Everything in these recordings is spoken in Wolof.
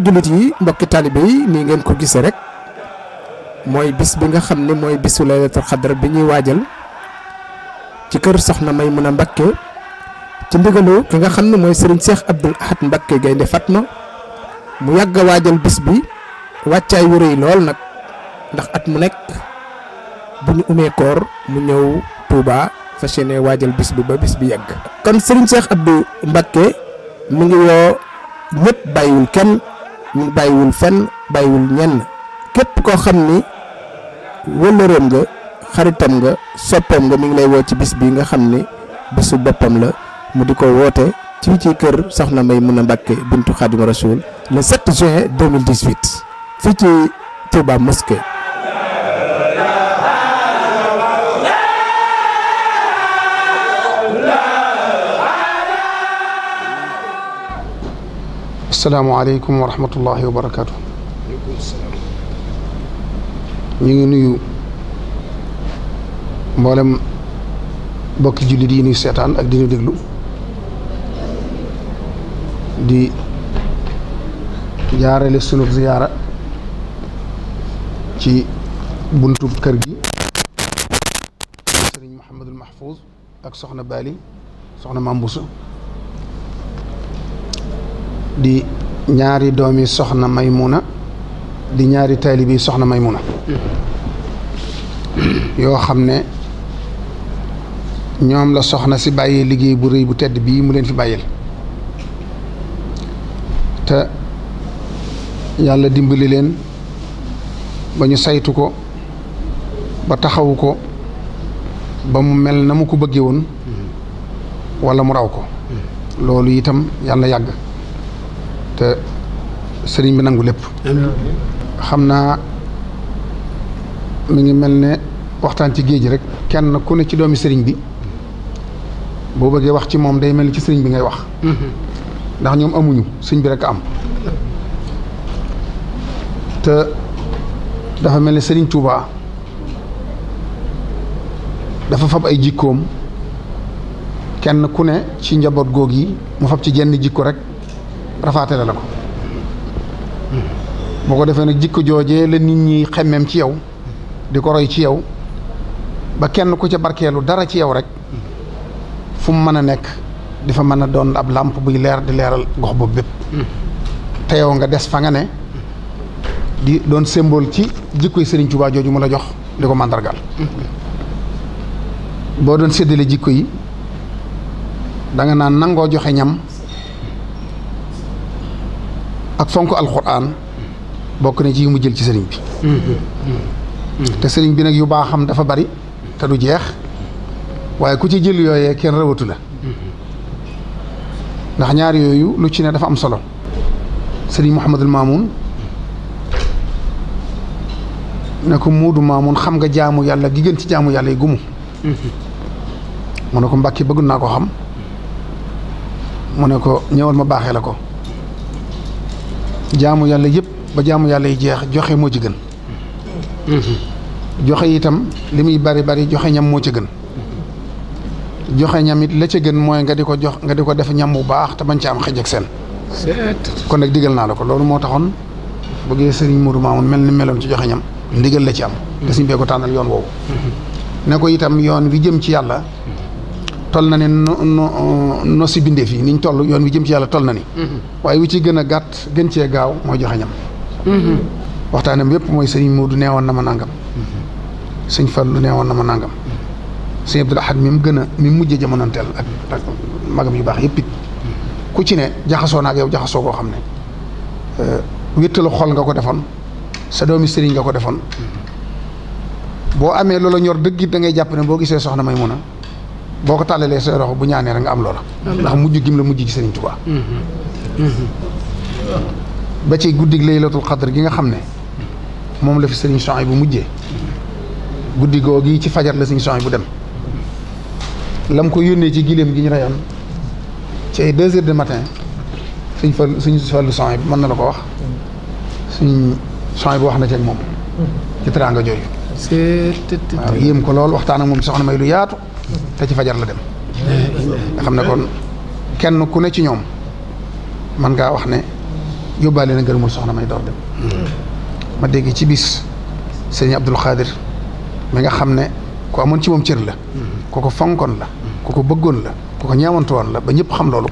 mbokki jullit yi mbokki talibe yi nii ngeen ko rek bis bi nga xam moy mooy bisu laylatul xadar bi ñuy waajal ci kër soxna may mun a Mbakke ci ndigalu ki nga xam ne Serigne Cheikh Abdoul Ahad Mbakke Gaynde Fatma mu yàgg wajal waajal bis bi wàccaay wu rëy lool nag ndax at mu nekk bu ñu umee koor mu ñëw Touba fas bis bi ba bis bi kon Serigne Cheikh Abdou Mbakke mu ngi kenn ñu bàyyiwul fenn bàyyiwul ñenn képp koo xam ni wëllëreem nga xaritam nga soppeem nga mu ngi lay woo ci bis bi nga xam ni bisu boppam la mu di ko woote ci ci kër Soxna a Mbàkke buntu Xaadimu Rasuul le 7 juin 2018 fii ci Touba Mosquée السلام عليكم ورحمة الله وبركاته. عليكم السلام. بك جلديني سيطان أكديني دقلو دي زيارة لسنوك زيارة تي بنتو بكرجي سرين محمد المحفوظ أك سخنة بالي سخنة مانبوسو di ñaari doomi soxna may Maymuna di ñaari taalibi soxna Maymuna yoo xam ne ñoom la soxna si bàyyee liggéey bu réy bu tedd bii mu leen fi bàyyil te yàlla dimbali leen ba ñu saytu ko ba taxawu ko ba mu mel na mu ko bëggee woon wala mu raw ko mm-hmm. loolu itam yàlla yàgg te sëriñ bi nangu lépp xam naa mu ngi mel ne waxtaan ci géej rek kenn ku ne ci doomi sëriñ bi boo bëggee wax ci moom day mel ni ci sëriñ bi ngay wax ndax ñoom amuñu sëñ bi rek am te dafa mel ne sëriñ Touba dafa fab ay jikkoom kenn ku ne ci njaboot goog yi mu fab ci jenn jikko rek rafaatale la ko boo ko defee nag jikko joojee la nit ñi xemmeem ci yow di ko roy ci yow ba kenn ku ca barkeelu dara ci yow rek fu mu mën a nekk di fa mën a doon ab làmp buy leer di leeral gox boobu bépp te yow nga des fa nga ne di doon symbole ci jikko yi Sëriñ Tuubaa jooju mu la jox di ko màndargal boo doon séddale jikko yi danga nga naan nangoo joxe ñam ak fonk alxuraan bokk na ci yu mu jël ci sëriñ bi te sëriñ bi nag yu baaxam dafa bari te du jeex waaye ku ci jël yooyee kenn rawatu la ndax ñaar yooyu lu ci ne dafa am solo sëriñ Mouhamadul Mamoun ne ko muudu Mamoun xam nga jaamu yàlla gi ci jaamu yàlla yi gumu mu ne ko mbàkki bëgg naa ko xam mu ne ko ñëwal ma baaxee la ko jaamu yàlla yëpp ba jaamu yàlla yi jeex joxe moo ci gën mm-hmm. joxe itam li muy bari bari joxe ñam moo ci gën joxe ñam la ca gën mooy nga di ko jox nga di ko def ñam bu baax te bañ ci am xëj seen kon nag digal naa la ko loolu moo taxoon bëggee sëriñ Mourou mel ni meloon ci joxe ñam ndigal la ci am te mm-hmm. suñ bee ko tànnal yoon woowu mm-hmm. ne ko itam yoon wi jëm ci yàlla tol na no no no si bindeef yi niñ toll yoon wi jëm ci yàlla tol na ni mm-hmm. waaye wu ci gën a gàtt gën cee gaaw mooy joxe ñam mm-hmm. waxtaanam yépp mooy sëñ Moodu neewoon na ma nangam mm-hmm. sëñ Fallu neewoon na ma nangam Ahad mi mu gën a ak magam yu baax yépp it ku ci ne jaxasoo na yow euh, xol nga ko defoon sa doomi sëriñ nga ko defoon boo amee loola ñor dëgg it da ngay jàpp ne boo gisee soxna boo ko tàllalee say roxo bu ñaanee rek nga am loola. ndax mujj gim la mujj ci Sëriñ Tuubaa. ba ci guddig laylatul xadr gi nga xam ne moom la fi Sëriñ Souhaïbou bu mujjee guddi googu ci fajar la Sëriñ Souhaïbou bu dem. lam ko yónnee ci gileem gi ñu reyoon ci ay deux heures de matin suñ fa suñ fàllu Souhaïbou bi mën na la ko wax suñ Souhaïbou bu wax na ci ak moom. ci teraanga jooju. waaw yéem ko lool waxtaan ak moom soxna may lu yaatu. te ci fajar la dem nga xam ne kon kenn ku ne ci ñoom man ngaa wax ne yóbbaale na ngërëmul soxna may door dem ma dégg ci bis sëñ Abdul Xaadir mi nga xam ne ku amoon ci moom cër la ku ko fonkoon la ku ko bëggoon la ku ko ñaawantu la ba ñëpp xam loolu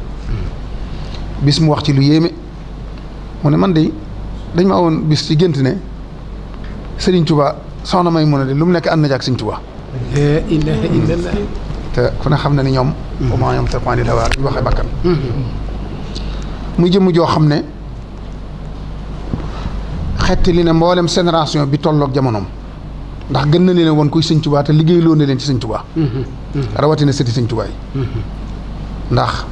bis mu wax ci lu yéeme mu ne man de dañ ma awoon bis ci gént ne Sëriñ Tuubaa soxna may mu ne de lu mu nekk ànd na jaak Sëriñ Tuubaa te ne xam na ni ñoom. au moins ñoom te point de départ ñu waxee bakkan. Mm-hmm. muy jëmm joo xam ne xetti li ne mboolem génération bi tolloog jamonoom ndax gën na leen woon kuy sëñ Tuubaa te liggéey loo na leen ci sëñ Tuubaa. Mm-hmm. Mm-hmm. rawatina sëti sëñ Tuubaa ndax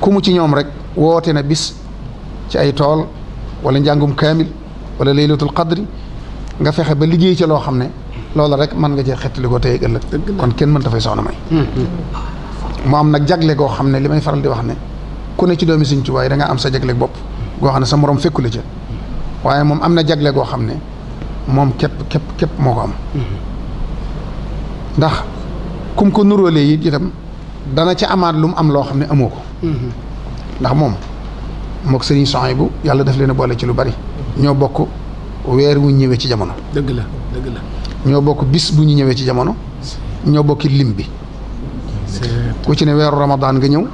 ku mu ci ñoom rek woote na bis ci ay tool wala njàngum kaamil wala laylatul qadri nga fexe ba liggéey ci loo xam ne. loola rek mën nga cee xettali ko tey ëllëg kon kenn mën dafay soxna may hmm, hmm. mu am nag jagle goo xam ne li may faral di wax ne ku ne ci doomi Sëñ Tuubaa yi da nga am sa jagle bopp goo xam ne sa morom fekku la ca waaye moom am na jagle goo xam ne moom képp képp képp moo ko am ndax kum ko nuróolee yi itam dana ci amaat lu mu am loo xam ne amoo ko hmm, ndax moom mook seeni Sohaybu bu yàlla daf leen a boole ci lu bari ñoo bokk weer wu ñëwee ci jamono dëgg ñoo bokk bis bu ñu ñëwee ci jamono ñoo bokki lim bi ku ci ne weeru ramadaan nga ñëw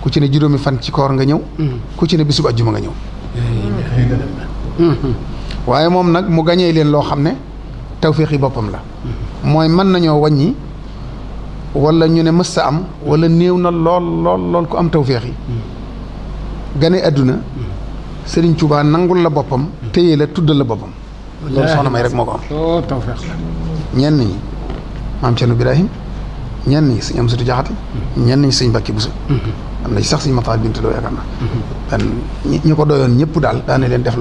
ku ci ne juróomi fan ci koor nga ñëw ku ci ne bisub ajjuma nga ñëw waaye moom nag mu gañee leen loo xam ne tawféex yi boppam la mooy mën nañoo waññi wala ñu ne mës sa am wala néew na lool lool lool ku am tawféex yi gane àdduna Sëriñ Tuubaa nangul la boppam téye la tuddal la boppam loolu soxna may rek moo oh, am. loolu tawfeex la. ñenn ñi maam Thierno Birahim ñenn ñi suñu am sutu jaxate ñenn ñi suñu busu am na ci sax suñu mataal bintu doo yaakaar na dan mhm. ñi ko doyoon ñëpp daal daane def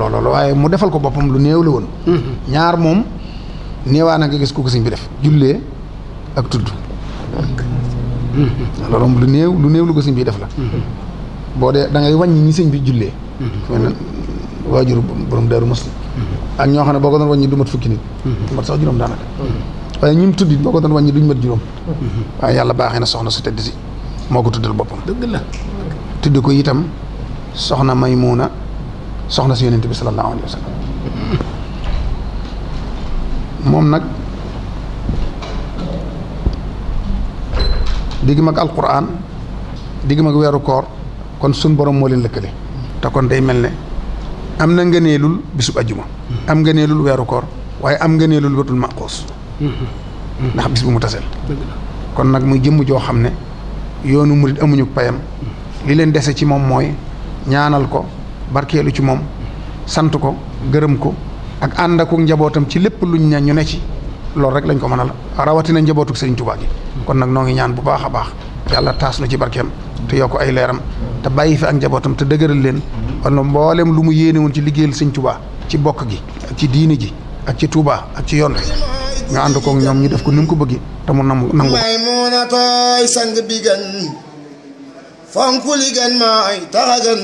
mu defal ko boppam lu néew la woon mhm. ñaar moom néewaa na nga gis ku ko suñ bi def jullee ak tuddu mhm. loolu lu néew lu néew lu ko sëñ bi def la boo dee da ngay bi jullee ku borom muslim ak ñoo xam ne boo ko doon wàññi du mat fukki nit mm-hmm. mat sax juróom daanaka mm-hmm. waaye ñi tudd it boo ko doon wàññi duñ mat juróom mm-hmm. waaye yàlla baaxe na soxna su tedd si moo ko tuddal boppam dëgg tudd ko itam soxna Maymuna soxna si yonent bi sallallahu alayhi wa sallam moom nag digg mag alquran digg mag weeru koor kon sun borom moo leen lëkkale te kon day mel ne am na ngëneelul bisub ajjuma am ngëneelul weeru koor waaye am ngëneelul wetul maqoos ndax bis bu mu taseel kon nag muy jëmm joo xam ne yoonu murit amuñu payam li leen dese ci moom mooy ñaanal ko barkeelu ci moom sant ko gërëm ko ak ànd ak njabootam ci lépp luñ na ñu ne ci loolu rek lañ ko la rawatina njabootuk sëriñ Tuubaa gi kon nag noo ngi ñaan bu baax a baax yàlla taas la ci barkeem te yokk ay leeram te bàyyi fi ak njabootam te dëgëral leen kon nag mboolem lu mu yéene woon ci liggéeyal sëñ Touba ci bokk gi ak ci diini ji ak ci Touba ak ci yon nga ànd koog ñoom ñu def ko ni mu ko bëggee te mu nangu nangu. may mun a tooy sang bi gën fonk li gën maay taxa gën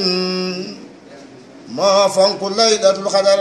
moo dat lu xadar